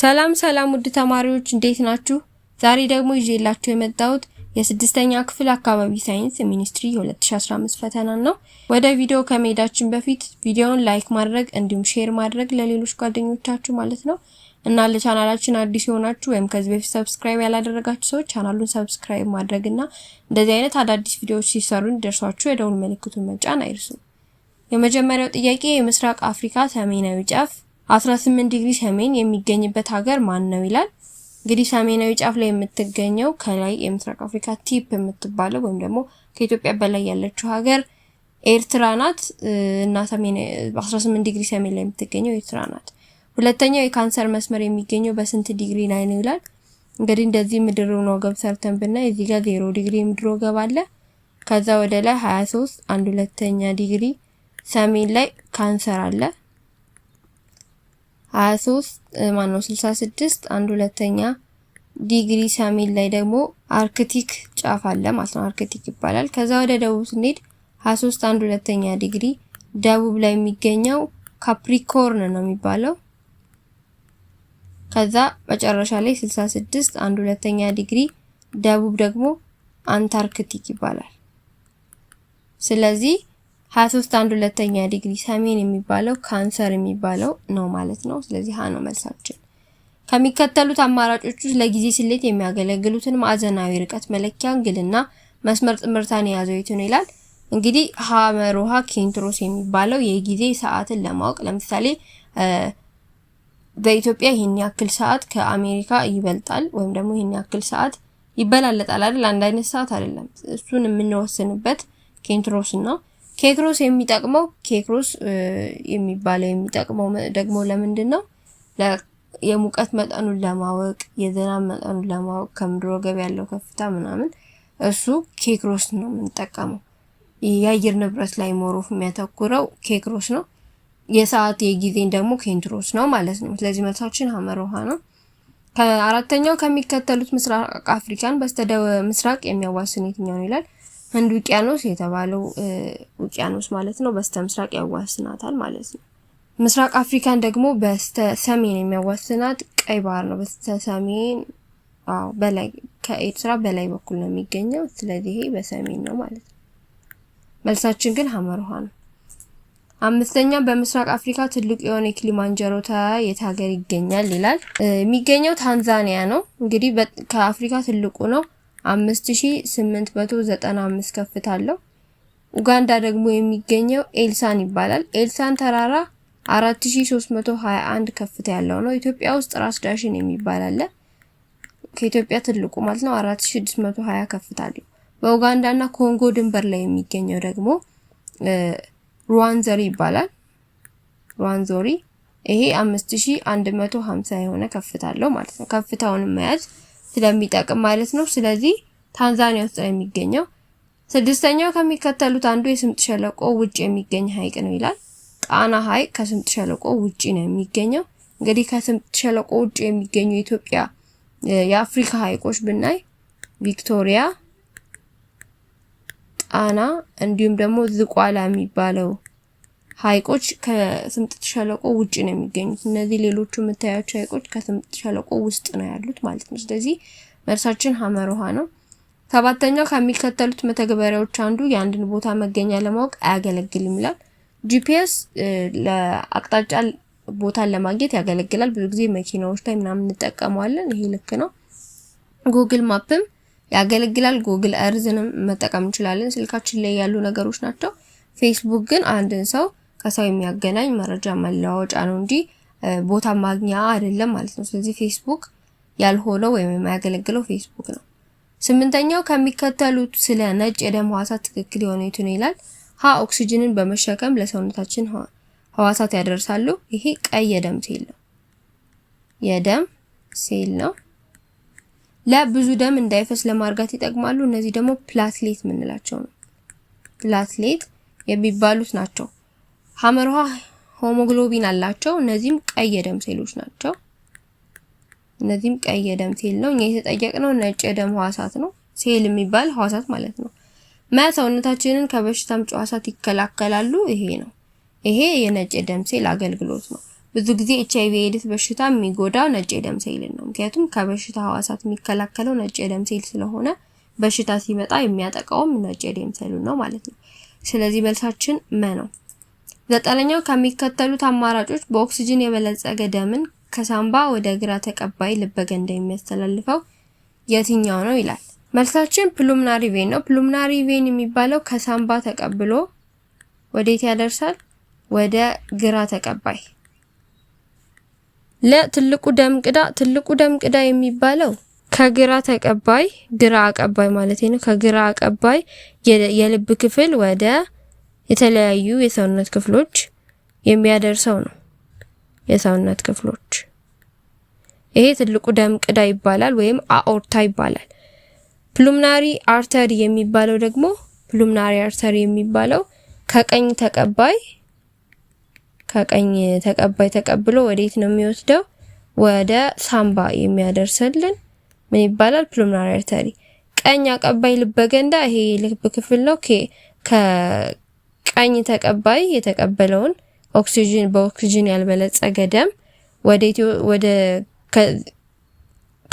ሰላም ሰላም ውድ ተማሪዎች እንዴት ናችሁ? ዛሬ ደግሞ ይዤላችሁ የመጣሁት የስድስተኛ ክፍል አካባቢ ሳይንስ ሚኒስትሪ 2015 ፈተናን ነው። ወደ ቪዲዮ ከመሄዳችን በፊት ቪዲዮውን ላይክ ማድረግ እንዲሁም ሼር ማድረግ ለሌሎች ጓደኞቻችሁ ማለት ነው እና ለቻናላችን አዲስ የሆናችሁ ወይም ከዚህ በፊት ሰብስክራይብ ያላደረጋችሁ ሰዎች ቻናሉን ሰብስክራይብ ማድረግ እና እንደዚህ አይነት አዳዲስ ቪዲዮዎች ሲሰሩ እንዲደርሷችሁ የደውል ምልክቱን መጫን አይርሱ። የመጀመሪያው ጥያቄ የምስራቅ አፍሪካ ሰሜናዊ ጫፍ 18 ዲግሪ ሰሜን የሚገኝበት ሀገር ማን ነው ይላል። እንግዲህ ሰሜናዊ ጫፍ ላይ የምትገኘው ከላይ የምስራቅ አፍሪካ ቲፕ የምትባለው ወይም ደግሞ ከኢትዮጵያ በላይ ያለችው ሀገር ኤርትራ ናት እና 18 ዲግሪ ሰሜን ላይ የምትገኘው ኤርትራ ናት። ሁለተኛው የካንሰር መስመር የሚገኘው በስንት ዲግሪ ላይ ነው ይላል። እንግዲህ እንደዚህ ነው ወገብ ሰርተን ብናይ እዚህ ጋር 0 ዲግሪ ምድር ወገብ አለ። ከዛ ወደ ላይ 23 አንድ ሁለተኛ ዲግሪ ሰሜን ላይ ካንሰር አለ። 23 ማን 66 አንድ ሁለተኛ ዲግሪ ሰሜን ላይ ደግሞ አርክቲክ ጫፍ አለ ማለት ነው። አርክቲክ ይባላል። ከዛ ወደ ደቡብ ስንሄድ 23 አንድ ሁለተኛ ዲግሪ ደቡብ ላይ የሚገኘው ካፕሪኮርን ነው የሚባለው። ከዛ መጨረሻ ላይ 66 አንድ ሁለተኛ ዲግሪ ደቡብ ደግሞ አንታርክቲክ ይባላል። ስለዚህ 23 አንድ ሁለተኛ ዲግሪ ሰሜን የሚባለው ካንሰር የሚባለው ነው ማለት ነው። ስለዚህ ሀ ነው መልሳችን። ከሚከተሉት አማራጮች ውስጥ ለጊዜ ስሌት የሚያገለግሉትን ማዕዘናዊ ርቀት መለኪያ እንግልና መስመር ጥምርታን የያዘው የቱ ነው ይላል። እንግዲህ ሀ መሮሃ ኬንትሮስ የሚባለው የጊዜ ሰዓትን ለማወቅ ለምሳሌ በኢትዮጵያ ይህን ያክል ሰዓት ከአሜሪካ ይበልጣል ወይም ደግሞ ይህን ያክል ሰዓት ይበላለጣል አይደል? አንድ አይነት ሰዓት አይደለም። እሱን የምንወስንበት ኬንትሮስ ነው። ኬክሮስ የሚጠቅመው ኬክሮስ የሚባለው የሚጠቅመው ደግሞ ለምንድን ነው? የሙቀት መጠኑን ለማወቅ የዝናብ መጠኑን ለማወቅ ከምድር ወገብ ያለው ከፍታ ምናምን እሱ ኬክሮስ ነው የምንጠቀመው። የአየር ንብረት ላይ ሞሮፍ የሚያተኩረው ኬክሮስ ነው። የሰዓት የጊዜን ደግሞ ኬንትሮስ ነው ማለት ነው። ስለዚህ መልሳችን ሀመር ውሃ ነው። ከአራተኛው ከሚከተሉት ምስራቅ አፍሪካን በስተደ ምስራቅ የሚያዋስን የትኛው ነው ይላል። ህንድ ውቅያኖስ የተባለው ውቅያኖስ ማለት ነው በስተ ምስራቅ ያዋስናታል ማለት ነው። ምስራቅ አፍሪካን ደግሞ በስተ ሰሜን የሚያዋስናት ቀይ ባህር ነው። በስተ ሰሜን አዎ፣ በላይ ከኤርትራ በላይ በኩል ነው የሚገኘው። ስለዚህ ይሄ በሰሜን ነው ማለት ነው። መልሳችን ግን ሐመር ውሃ ነው። አምስተኛ በምስራቅ አፍሪካ ትልቁ የሆነ የኪሊማንጀሮ ተራራ የት ሀገር ይገኛል ይላል። የሚገኘው ታንዛኒያ ነው። እንግዲህ ከአፍሪካ ትልቁ ነው። 5895 ከፍታ አለው። ኡጋንዳ ደግሞ የሚገኘው ኤልሳን ይባላል። ኤልሳን ተራራ 4321 ከፍታ ያለው ነው። ኢትዮጵያ ውስጥ ራስ ዳሽን የሚባል አለ። ከኢትዮጵያ ትልቁ ማለት ነው። 4620 ከፍታ አለው። በኡጋንዳ እና ኮንጎ ድንበር ላይ የሚገኘው ደግሞ ሩዋንዘሪ ይባላል። ሩዋንዞሪ ይሄ 5150 የሆነ ከፍታ አለው ማለት ነው። ከፍታውን መያዝ ስለሚጠቅም ማለት ነው። ስለዚህ ታንዛኒያ ውስጥ ነው የሚገኘው። ስድስተኛው ከሚከተሉት አንዱ የስምጥ ሸለቆ ውጭ የሚገኝ ሐይቅ ነው ይላል። ጣና ሐይቅ ከስምጥ ሸለቆ ውጪ ነው የሚገኘው። እንግዲህ ከስምጥ ሸለቆ ውጪ የሚገኙ የኢትዮጵያ የአፍሪካ ሐይቆች ብናይ ቪክቶሪያ፣ ጣና እንዲሁም ደግሞ ዝቋላ የሚባለው ሐይቆች ከስምጥ ሸለቆ ውጭ ነው የሚገኙት። እነዚህ ሌሎቹ የምታያቸው ሐይቆች ከስምጥ ሸለቆ ውስጥ ነው ያሉት ማለት ነው። ስለዚህ መልሳችን ሐመር ውሃ ነው። ሰባተኛው ከሚከተሉት መተግበሪያዎች አንዱ የአንድን ቦታ መገኛ ለማወቅ አያገለግልም ይላል። ጂፒኤስ ለአቅጣጫ ቦታን ለማግኘት ያገለግላል። ብዙ ጊዜ መኪናዎች ላይ ምናምን እንጠቀመዋለን። ይሄ ልክ ነው። ጉግል ማፕም ያገለግላል። ጉግል እርዝንም መጠቀም እንችላለን። ስልካችን ላይ ያሉ ነገሮች ናቸው። ፌስቡክ ግን አንድን ሰው ከሰው የሚያገናኝ መረጃ መለዋወጫ ነው እንጂ ቦታ ማግኛ አይደለም ማለት ነው። ስለዚህ ፌስቡክ ያልሆነው ወይም የማያገለግለው ፌስቡክ ነው። ስምንተኛው ከሚከተሉት ስለ ነጭ የደም ህዋሳት ትክክል የሆነ የቱን ይላል። ሀ ኦክሲጅንን በመሸከም ለሰውነታችን ህዋሳት ያደርሳሉ። ይሄ ቀይ የደም ሴል ነው የደም ሴል ነው። ለብዙ ደም እንዳይፈስ ለማርጋት ይጠቅማሉ። እነዚህ ደግሞ ፕላትሌት የምንላቸው ነው ፕላትሌት የሚባሉት ናቸው። ሀመርሃ ሆሞግሎቢን አላቸው። እነዚህም ቀይ የደም ሴሎች ናቸው። እነዚህም ቀይ የደም ሴል ነው። እኛ የተጠየቅነው ነጭ የደም ህዋሳት ነው። ሴል የሚባል ህዋሳት ማለት ነው። መ ሰውነታችንን ከበሽታ አምጪ ህዋሳት ይከላከላሉ። ይሄ ነው። ይሄ የነጭ የደም ሴል አገልግሎት ነው። ብዙ ጊዜ ኤች አይቪ ኤድስ በሽታ የሚጎዳው ነጭ የደም ሴል ነው። ምክንያቱም ከበሽታ ህዋሳት የሚከላከለው ነጭ የደም ሴል ስለሆነ በሽታ ሲመጣ የሚያጠቃውም ነጭ የደም ሴሉን ነው ማለት ነው። ስለዚህ መልሳችን መ ነው። ዘጠነኛው ከሚከተሉት አማራጮች በኦክሲጅን የበለጸገ ደምን ከሳምባ ወደ ግራ ተቀባይ ልበገንዳ የሚያስተላልፈው የትኛው ነው ይላል። መልሳችን ፕሉምናሪ ቬን ነው። ፕሉምናሪ ቬን የሚባለው ከሳምባ ተቀብሎ ወዴት ያደርሳል? ወደ ግራ ተቀባይ። ለትልቁ ደም ቅዳ ትልቁ ደም ቅዳ የሚባለው ከግራ ተቀባይ ግራ አቀባይ ማለት ነው። ከግራ አቀባይ የልብ ክፍል ወደ የተለያዩ የሰውነት ክፍሎች የሚያደርሰው ነው። የሰውነት ክፍሎች ይሄ ትልቁ ደም ቅዳ ይባላል ወይም አኦርታ ይባላል። ፕሉምናሪ አርተሪ የሚባለው ደግሞ ፕሉምናሪ አርተሪ የሚባለው ከቀኝ ተቀባይ ከቀኝ ተቀባይ ተቀብሎ ወዴት ነው የሚወስደው? ወደ ሳምባ የሚያደርሰልን ምን ይባላል? ፕሉምናሪ አርተሪ። ቀኝ አቀባይ ልበገንዳ ይሄ ልብ ክፍል ነው። ቀኝ ተቀባይ የተቀበለውን ኦክሲጅን በኦክሲጅን ያልበለጸገ ደም ወደ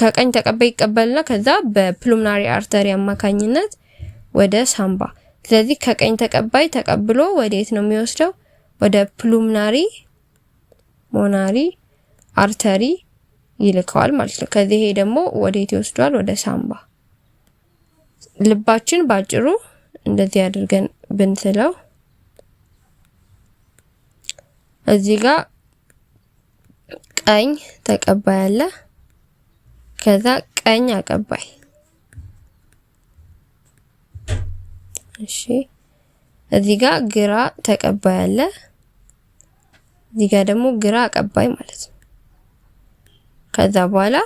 ከቀኝ ተቀባይ ይቀበልና ከዛ በፕሉምናሪ አርተሪ አማካኝነት ወደ ሳምባ። ስለዚህ ከቀኝ ተቀባይ ተቀብሎ ወዴት ነው የሚወስደው? ወደ ፕሉምናሪ ሞናሪ አርተሪ ይልከዋል ማለት ነው። ከዚህ ይሄ ደግሞ ወዴት ይወስዷል? ወደ ሳምባ። ልባችን ባጭሩ እንደዚህ አድርገን ብንስለው እዚህ ጋር ቀኝ ተቀባይ አለ። ከዛ ቀኝ አቀባይ እሺ። እዚህ ጋር ግራ ተቀባይ አለ። እዚህ ጋር ደግሞ ግራ አቀባይ ማለት ነው። ከዛ በኋላ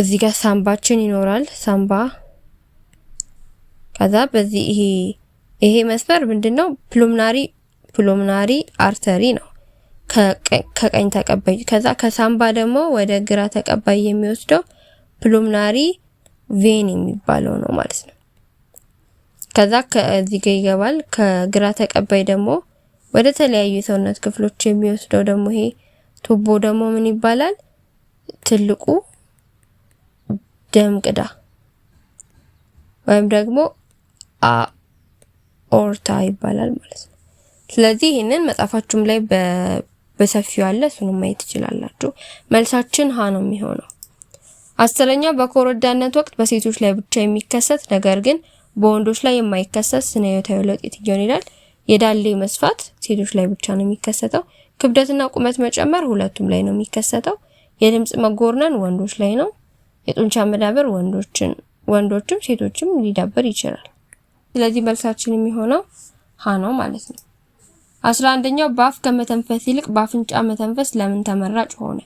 እዚህ ጋር ሳምባችን ይኖራል። ሳምባ ከዛ በዚህ ይሄ ይሄ መስመር ምንድነው? ፕሉምናሪ ፕሎምናሪ አርተሪ ነው። ከቀኝ ተቀባይ ከዛ ከሳምባ ደግሞ ወደ ግራ ተቀባይ የሚወስደው ፕሎምናሪ ቬን የሚባለው ነው ማለት ነው። ከዛ ከዚህ ጋር ይገባል። ከግራ ተቀባይ ደግሞ ወደ ተለያዩ የሰውነት ክፍሎች የሚወስደው ደግሞ ይሄ ቱቦ ደግሞ ምን ይባላል? ትልቁ ደም ቅዳ ወይም ደግሞ አኦርታ ይባላል ማለት ነው። ስለዚህ ይህንን መጽሐፋችሁም ላይ በሰፊው አለ፣ እሱንም ማየት ትችላላችሁ። መልሳችን ሀ ነው የሚሆነው። አስረኛ በኮረዳነት ወቅት በሴቶች ላይ ብቻ የሚከሰት ነገር ግን በወንዶች ላይ የማይከሰት ስነ ህይወታዊ ለውጥ የትኛውን ይላል? የዳሌ መስፋት ሴቶች ላይ ብቻ ነው የሚከሰተው። ክብደትና ቁመት መጨመር ሁለቱም ላይ ነው የሚከሰተው። የድምፅ መጎርነን ወንዶች ላይ ነው። የጡንቻ መዳበር ወንዶችን ወንዶችም ሴቶችም ሊዳበር ይችላል። ስለዚህ መልሳችን የሚሆነው ሀ ነው ማለት ነው። አስራ አንደኛው በአፍ ከመተንፈስ ይልቅ በአፍንጫ መተንፈስ ለምን ተመራጭ ሆነ?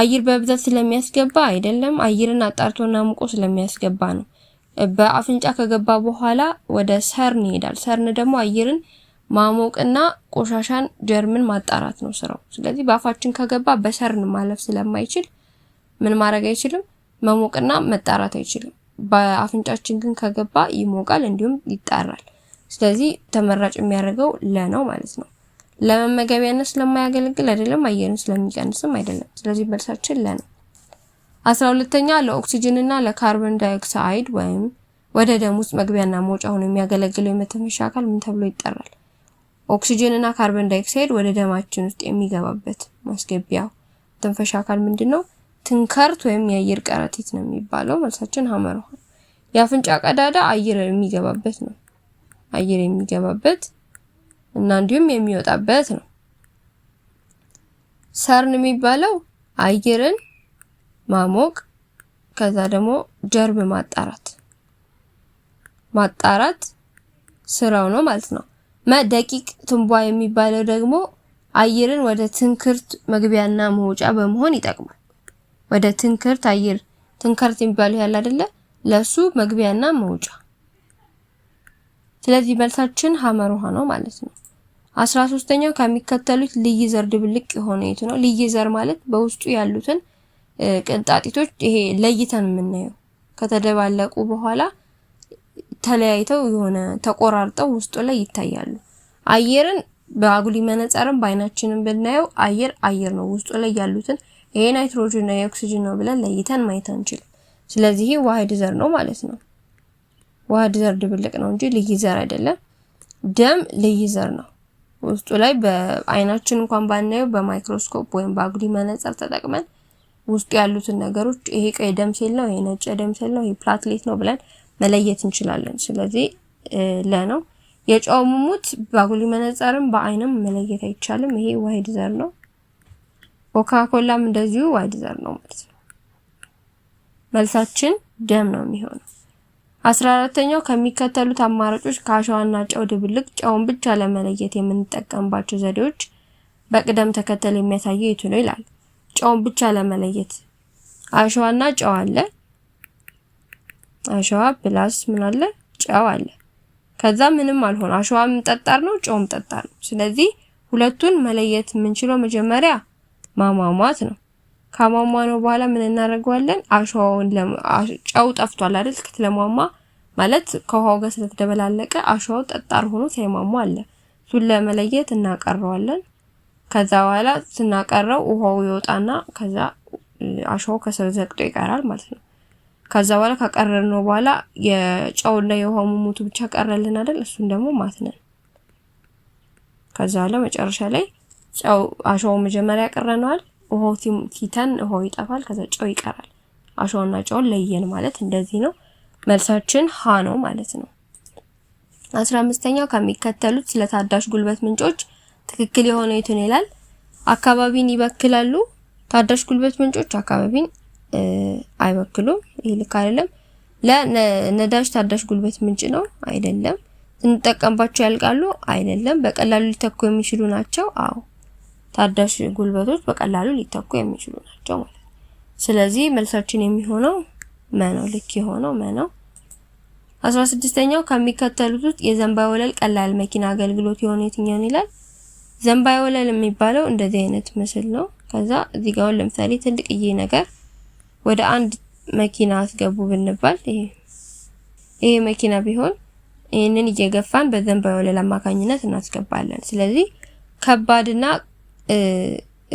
አየር በብዛት ስለሚያስገባ አይደለም። አየርን አጣርቶና ሙቆ ስለሚያስገባ ነው። በአፍንጫ ከገባ በኋላ ወደ ሰርን ይሄዳል። ሰርን ደግሞ አየርን ማሞቅና ቆሻሻን ጀርምን ማጣራት ነው ስራው። ስለዚህ በአፋችን ከገባ በሰርን ማለፍ ስለማይችል ምን ማድረግ አይችልም፣ መሞቅና መጣራት አይችልም። በአፍንጫችን ግን ከገባ ይሞቃል፣ እንዲሁም ይጣራል። ስለዚህ ተመራጭ የሚያደርገው ለ ነው ማለት ነው። ለመመገቢያነት ስለማያገለግል አይደለም፣ አየርን ስለሚቀንስም አይደለም። ስለዚህ መልሳችን ለነው አስራ ሁለተኛ ለኦክሲጅንና ለካርቦን ዳይኦክሳይድ ወይም ወደ ደም ውስጥ መግቢያና መውጫ ሆኖ የሚያገለግለው የመተንፈሻ አካል ምን ተብሎ ይጠራል? ኦክሲጅንና ካርቦን ዳይኦክሳይድ ወደ ደማችን ውስጥ የሚገባበት ማስገቢያ መተንፈሻ አካል ምንድን ነው? ትንከርት ወይም የአየር ከረጢት ነው የሚባለው። መልሳችን ሀመር። የአፍንጫ ቀዳዳ አየር የሚገባበት ነው። አየር የሚገባበት እና እንዲሁም የሚወጣበት ነው። ሰርን የሚባለው አየርን ማሞቅ ከዛ ደግሞ ጀርብ ማጣራት ማጣራት ስራው ነው ማለት ነው። መደቂቅ ትንቧ የሚባለው ደግሞ አየርን ወደ ትንክርት መግቢያና መውጫ በመሆን ይጠቅማል። ወደ ትንክርት አየር ትንክርት የሚባለው ያለ አይደለ ለሱ መግቢያና መውጫ ስለዚህ መልሳችን ሀመር ውሃ ነው ማለት ነው። አስራ ሶስተኛው ከሚከተሉት ልይ ዘር ድብልቅ የሆነ የቱ ነው? ልይ ዘር ማለት በውስጡ ያሉትን ቅንጣጢቶች ይሄ ለይተን የምናየው ከተደባለቁ በኋላ ተለያይተው የሆነ ተቆራርጠው ውስጡ ላይ ይታያሉ። አየርን በአጉሊ መነጽርም በአይናችንም ብናየው አየር አየር ነው። ውስጡ ላይ ያሉትን ይሄ ናይትሮጅን ነው የኦክሲጅን ነው ብለን ለይተን ማየት አንችልም። ስለዚህ ይሄ ዋህድ ዘር ነው ማለት ነው። ውሃ ዘር ድብልቅ ነው እንጂ ልይ ዘር አይደለም። ደም ልይ ዘር ነው። ውስጡ ላይ በአይናችን እንኳን ባናየው በማይክሮስኮፕ ወይም በአጉሊ መነጽር ተጠቅመን ውስጡ ያሉትን ነገሮች ይሄ ቀይ ደም ሴል ነው፣ ይሄ ነጭ ደም ሴል ነው፣ ይሄ ፕላትሌት ነው ብለን መለየት እንችላለን። ስለዚህ ለ ነው። የጨው ሙሙት በአጉሊ መነጽርም በአይንም መለየት አይቻልም። ይሄ ዋይድ ዘር ነው። ኮካኮላም እንደዚሁ ዋይድ ዘር ነው ማለት ነው። መልሳችን ደም ነው የሚሆነው። አስራ አራተኛው ከሚከተሉት አማራጮች ከአሸዋና ጨው ድብልቅ ጨውን ብቻ ለመለየት የምንጠቀምባቸው ዘዴዎች በቅደም ተከተል የሚያሳየው የቱ ነው ይላል። ጨውን ብቻ ለመለየት አሸዋና ጨው አለ። አሸዋ ፕላስ ምን አለ? ጨው አለ። ከዛ ምንም አልሆነ። አሸዋም ጠጣር ነው፣ ጨውም ጠጣር ነው። ስለዚህ ሁለቱን መለየት የምንችለው መጀመሪያ ማሟሟት ነው። ከሟሟ ነው በኋላ ምን እናደርገዋለን? አሸዋውን ጨው ጠፍቷል አይደል? ለሟሟ ማለት ከውሃው ጋር ስለተደበላለቀ አሸዋው ጠጣር ሆኖ ሳይሟሟ አለ። እሱን ለመለየት እናቀረዋለን። ከዛ በኋላ ስናቀረው ውሃው ይወጣና ከዛ አሸዋው ከስር ዘግቶ ይቀራል ማለት ነው። ከዛ በኋላ ነው በኋላ የጨውና የውሃው ሙሙቱ ብቻ ቀረልን አይደል? እሱን ደግሞ ማትነን። ከዛ በኋላ መጨረሻ ላይ ጨው አሸዋው መጀመሪያ ያቀረነዋል ውሃው ፊተን ውሃው ይጠፋል። ከዛ ጨው ይቀራል። አሸዋና ጨውን ለየን ማለት እንደዚህ ነው። መልሳችን ሀ ነው ማለት ነው። አስራ አምስተኛው ከሚከተሉት ስለ ታዳሽ ጉልበት ምንጮች ትክክል የሆነ የቱን ይላል? አካባቢን ይበክላሉ። ታዳሽ ጉልበት ምንጮች አካባቢን አይበክሉም። ይህ ልክ አይደለም። ለነዳጅ ታዳሽ ጉልበት ምንጭ ነው አይደለም። ስንጠቀምባቸው ያልቃሉ አይደለም። በቀላሉ ሊተኩ የሚችሉ ናቸው አዎ ታዳሽ ጉልበቶች በቀላሉ ሊተኩ የሚችሉ ናቸው ማለት ነው። ስለዚህ መልሳችን የሚሆነው መ ነው። ልክ የሆነው መ ነው። አስራ ስድስተኛው ከሚከተሉት ውስጥ የዘንባይ ወለል ቀላል መኪና አገልግሎት የሆነ የትኛውን ይላል። ዘንባይ ወለል የሚባለው እንደዚህ አይነት ምስል ነው። ከዛ እዚህ ጋር ለምሳሌ ትልቅዬ ነገር ወደ አንድ መኪና አስገቡ ብንባል ይሄ ይሄ መኪና ቢሆን ይህንን እየገፋን በዘንባይ ወለል አማካኝነት እናስገባለን። ስለዚህ ከባድና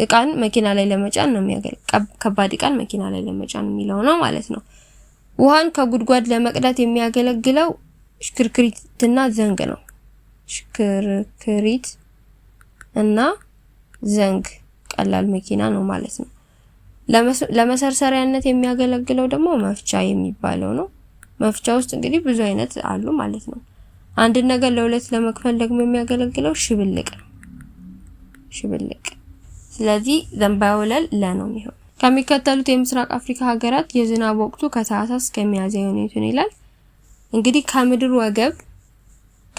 እቃን መኪና ላይ ለመጫን ነው የሚያገል ከባድ እቃን መኪና ላይ ለመጫን የሚለው ነው ማለት ነው። ውሃን ከጉድጓድ ለመቅዳት የሚያገለግለው እና ዘንግ ነው። ሽክርክሪት እና ዘንግ ቀላል መኪና ነው ማለት ነው። ለመሰርሰሪያነት የሚያገለግለው ደግሞ መፍቻ የሚባለው ነው። መፍቻ ውስጥ እንግዲህ ብዙ አይነት አሉ ማለት ነው። አንድን ነገር ለሁለት ለመክፈል ደግሞ የሚያገለግለው ሽብልቅ ነው። ሽብልቅ። ስለዚህ ዘንባባ ወለል ለ ነው የሚሆነው። ከሚከተሉት የምስራቅ አፍሪካ ሀገራት የዝናብ ወቅቱ ከታህሳስ እስከ ሚያዝያ የሁኔታውን ይላል። እንግዲህ ከምድር ወገብ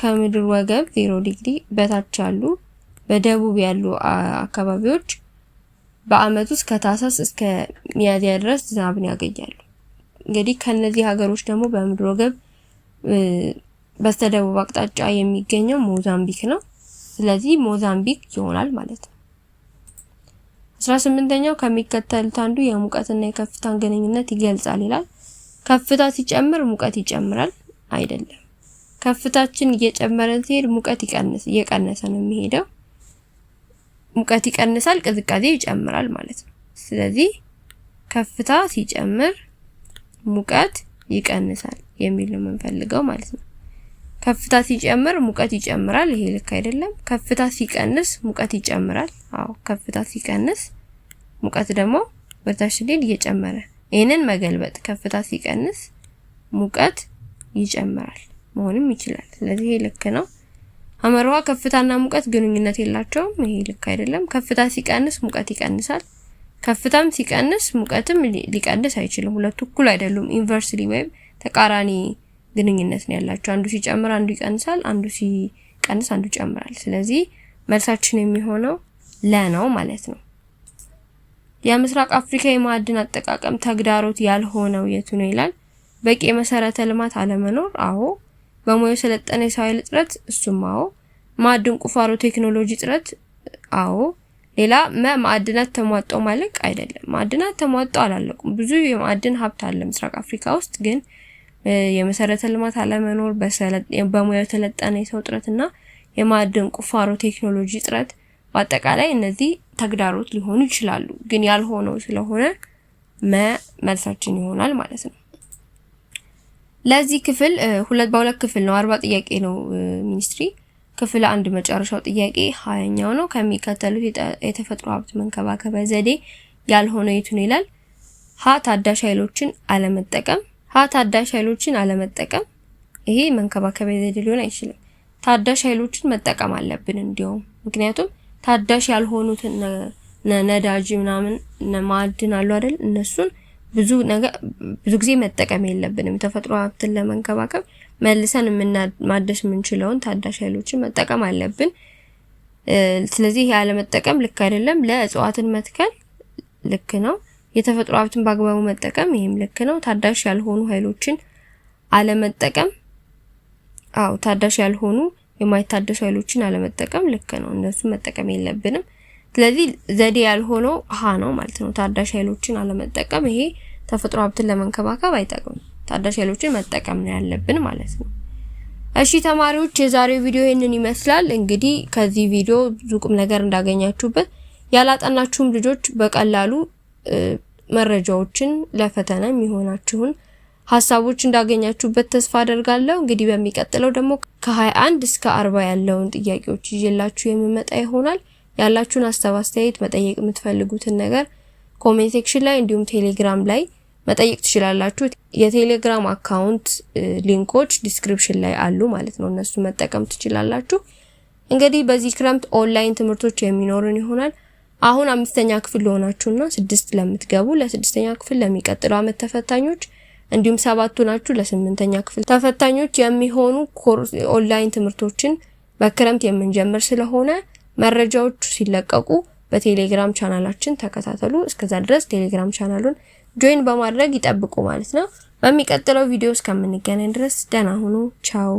ከምድር ወገብ 0 ዲግሪ በታች ያሉ በደቡብ ያሉ አካባቢዎች በአመት ውስጥ ከታህሳስ እስከ ሚያዝያ ድረስ ዝናብን ያገኛሉ። እንግዲህ ከነዚህ ሀገሮች ደግሞ በምድር ወገብ በስተደቡብ አቅጣጫ የሚገኘው ሞዛምቢክ ነው። ስለዚህ ሞዛምቢክ ይሆናል ማለት ነው። አስራ 18ኛው ከሚከተሉት አንዱ የሙቀትና የከፍታን ግንኙነት ይገልጻል ይላል። ከፍታ ሲጨምር ሙቀት ይጨምራል አይደለም። ከፍታችን እየጨመረ ሲሄድ ሙቀት ይቀንስ እየቀነሰ ነው የሚሄደው። ሙቀት ይቀንሳል፣ ቅዝቃዜ ይጨምራል ማለት ነው። ስለዚህ ከፍታ ሲጨምር ሙቀት ይቀንሳል የሚል ነው የምንፈልገው ማለት ነው። ከፍታ ሲጨምር ሙቀት ይጨምራል። ይሄ ልክ አይደለም። ከፍታ ሲቀንስ ሙቀት ይጨምራል። አዎ ከፍታ ሲቀንስ ሙቀት ደግሞ በታች ሲሄድ እየጨመረ ይህንን መገልበጥ ከፍታ ሲቀንስ ሙቀት ይጨምራል መሆንም ይችላል። ስለዚህ ይሄ ልክ ነው። አመርዋ ከፍታና ሙቀት ግንኙነት የላቸውም። ይሄ ልክ አይደለም። ከፍታ ሲቀንስ ሙቀት ይቀንሳል። ከፍታም ሲቀንስ ሙቀትም ሊቀንስ አይችልም። ሁለቱ እኩል አይደሉም። ኢንቨርስሊ ወይም ተቃራኒ ግንኙነት ነው ያላቸው። አንዱ ሲጨምር አንዱ ይቀንሳል፣ አንዱ ሲቀንስ አንዱ ይጨምራል። ስለዚህ መልሳችን የሚሆነው ለ ነው ማለት ነው። የምስራቅ አፍሪካ የማዕድን አጠቃቀም ተግዳሮት ያልሆነው የቱ ነው ይላል። በቂ የመሰረተ ልማት አለመኖር፣ አዎ። በሙያ የሰለጠነ የሰው ኃይል እጥረት፣ እሱም አዎ። ማዕድን ቁፋሮ ቴክኖሎጂ እጥረት፣ አዎ። ሌላ መ ማዕድናት ተሟጠው ማለቅ አይደለም። ማዕድናት ተሟጦ አላለቁም። ብዙ የማዕድን ሀብት አለ ምስራቅ አፍሪካ ውስጥ ግን የመሰረተ ልማት አለመኖር፣ በሙያ የተለጠነ የሰው እጥረትና የማዕድን ቁፋሮ ቴክኖሎጂ እጥረት፣ በአጠቃላይ እነዚህ ተግዳሮት ሊሆኑ ይችላሉ። ግን ያልሆነው ስለሆነ መልሳችን ይሆናል ማለት ነው። ለዚህ ክፍል ሁለት በሁለት ክፍል ነው፣ አርባ ጥያቄ ነው ሚኒስትሪ ክፍል አንድ መጨረሻው ጥያቄ ሀያኛው ነው። ከሚከተሉት የተፈጥሮ ሀብት መንከባከቢያ ዘዴ ያልሆነ የቱን ይላል? ሀ ታዳሽ ኃይሎችን አለመጠቀም ታዳሽ ኃይሎችን አለመጠቀም ይሄ መንከባከቢያ ዘዴ ሊሆን አይችልም። ታዳሽ ኃይሎችን መጠቀም አለብን እንዲያውም ምክንያቱም ታዳሽ ያልሆኑትን ነዳጅ ምናምን ማዕድን አሉ አይደል እነሱን ብዙ ነገር ብዙ ጊዜ መጠቀም የለብንም። የተፈጥሮ ሀብትን ለመንከባከብ መልሰን ማደስ የምንችለውን ታዳሽ ኃይሎችን መጠቀም አለብን። ስለዚህ ያለመጠቀም ልክ አይደለም። ለእጽዋትን መትከል ልክ ነው። የተፈጥሮ ሀብትን በአግባቡ መጠቀም ይሄም ልክ ነው። ታዳሽ ያልሆኑ ኃይሎችን አለመጠቀም፣ አዎ ታዳሽ ያልሆኑ የማይታደሱ ኃይሎችን አለመጠቀም ልክ ነው። እነሱ መጠቀም የለብንም። ስለዚህ ዘዴ ያልሆነው ሀ ነው ማለት ነው። ታዳሽ ኃይሎችን አለመጠቀም፣ ይሄ ተፈጥሮ ሀብትን ለመንከባከብ አይጠቅምም። ታዳሽ ኃይሎችን መጠቀም ነው ያለብን ማለት ነው። እሺ ተማሪዎች የዛሬው ቪዲዮ ይህንን ይመስላል። እንግዲህ ከዚህ ቪዲዮ ብዙ ቁም ነገር እንዳገኛችሁበት ያላጠናችሁም ልጆች በቀላሉ መረጃዎችን ለፈተና የሚሆናችሁን ሀሳቦች እንዳገኛችሁበት ተስፋ አደርጋለሁ። እንግዲህ በሚቀጥለው ደግሞ ከ21 እስከ 40 ያለውን ጥያቄዎች ይዤላችሁ የምመጣ ይሆናል። ያላችሁን ሀሳብ፣ አስተያየት፣ መጠየቅ የምትፈልጉትን ነገር ኮሜንት ሴክሽን ላይ እንዲሁም ቴሌግራም ላይ መጠየቅ ትችላላችሁ። የቴሌግራም አካውንት ሊንኮች ዲስክሪፕሽን ላይ አሉ ማለት ነው። እነሱ መጠቀም ትችላላችሁ። እንግዲህ በዚህ ክረምት ኦንላይን ትምህርቶች የሚኖርን ይሆናል። አሁን አምስተኛ ክፍል ለሆናችሁና ስድስት ለምትገቡ ለስድስተኛ ክፍል ለሚቀጥለው ዓመት ተፈታኞች እንዲሁም ሰባቱ ናችሁ ለስምንተኛ ክፍል ተፈታኞች የሚሆኑ ኦንላይን ትምህርቶችን በክረምት የምንጀምር ስለሆነ መረጃዎቹ ሲለቀቁ በቴሌግራም ቻናላችን ተከታተሉ። እስከዛ ድረስ ቴሌግራም ቻናሉን ጆይን በማድረግ ይጠብቁ ማለት ነው። በሚቀጥለው ቪዲዮ እስከምንገናኝ ድረስ ደህና ሁኑ። ቻው